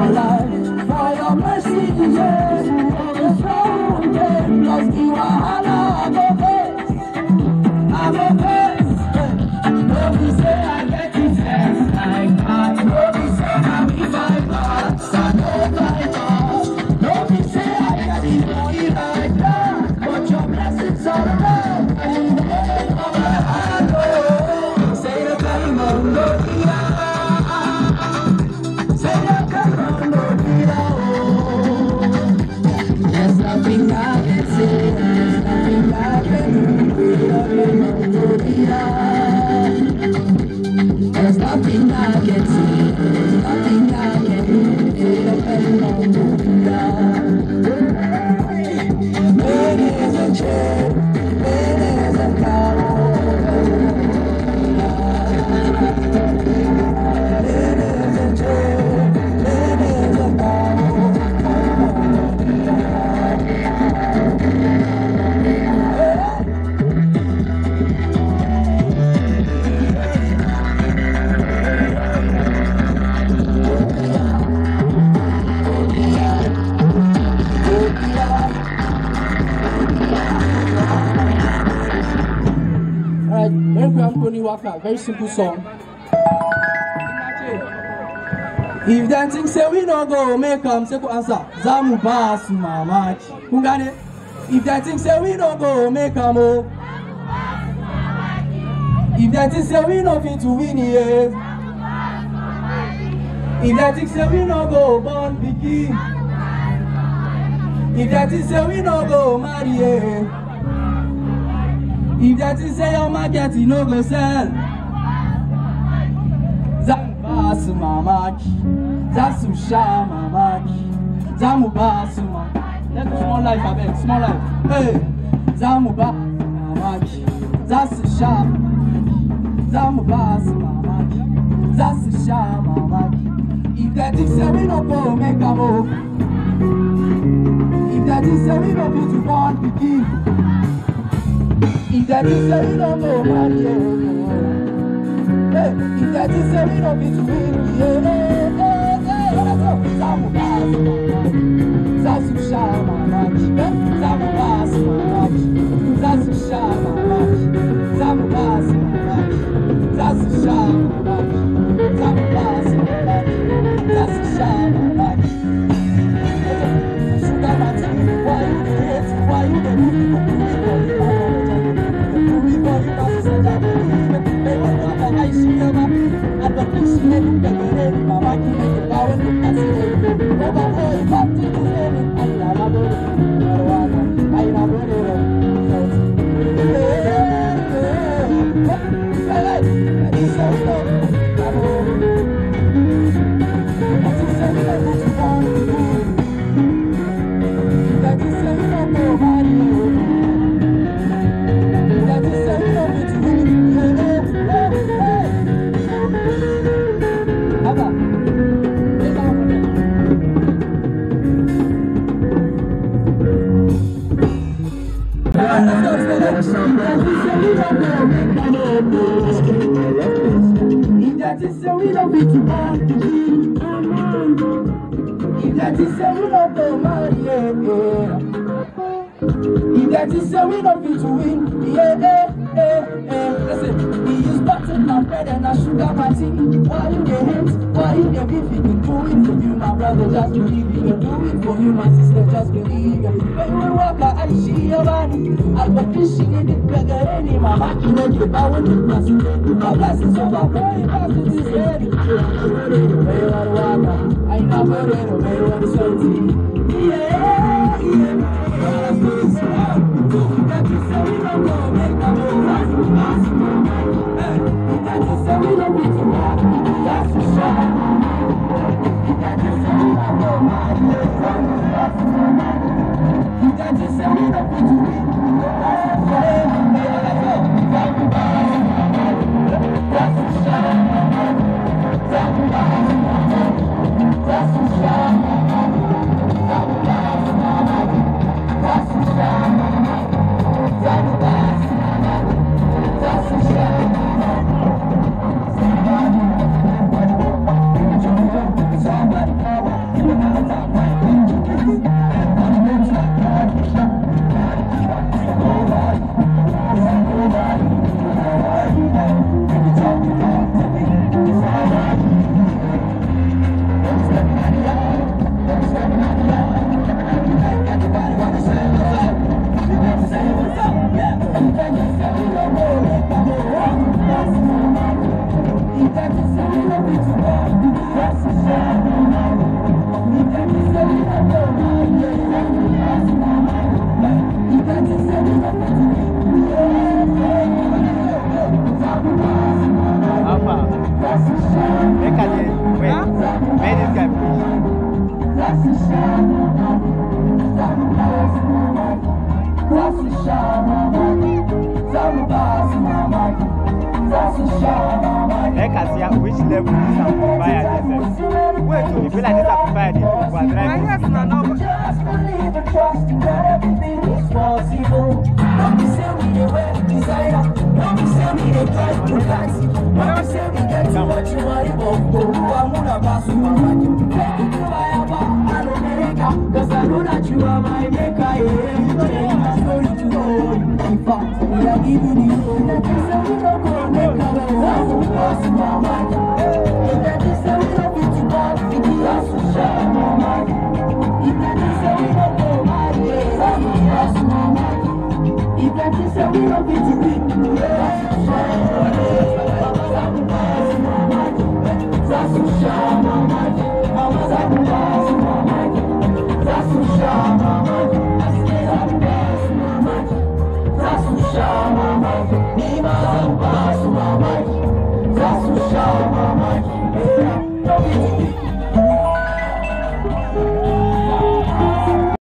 my life. It's Biafra, very simple song. If dem think say we no go make am say go answer, za mu ba su mamaki. If dem think say we no go make am o. Oh. If dem think say we no fit to win here. If dem think say we no go born pikin. If dem think say we no go marry here. If that is say your market, you no go sell. Zambasu mamaki, Zasusha mamaki, Zamubasu mamaki. Let's small life, I small life. Hey, Zamubasu mamaki, Zasusha mamaki, Zamubasu mamaki, Zasusha mamaki. If that is say we no go make a move. If that is say we no go to born ìdẹ̀bí sẹ́rí náà mo a rí ẹ̀rọ mọ́ ìdẹ̀bí sẹ́rí náà mi tún fi rí ẹ̀rọ. Thank you. If that is so, we don't be too If that is so, we don't pay money, If that is so, we don't be to yeah, yeah, yeah, Listen, we use butter and bread and a sugar party. Why you get hate? Why you get beefy? Do it you, my brother, just believe you. Do it you, my sister, just believe you. When we walk I see your body. I got fishing in the bag of any Aqui na de power, you. tu parece só papel e passo de série. Namoreiro, meio aruada, aí namoreiro, meio horizonte. Yeah, yeah, yeah, yeah, yeah, yeah, yeah, yeah, yeah, yeah, yeah, Rapaz, vem cá, vem, vem desse Vem cá, see which level this amplifier is. Wait, you feel like this é is they try to relax. Mama said we get to what you want, but who I'm gonna pass you my money. Baby, you America, cause I know that you are my maker. Yeah, you know to hold. In fact, we are giving you all. That is how we don't make a way. That's what we pass you my money. That is to God, we do us to share my money. that is how we don't go my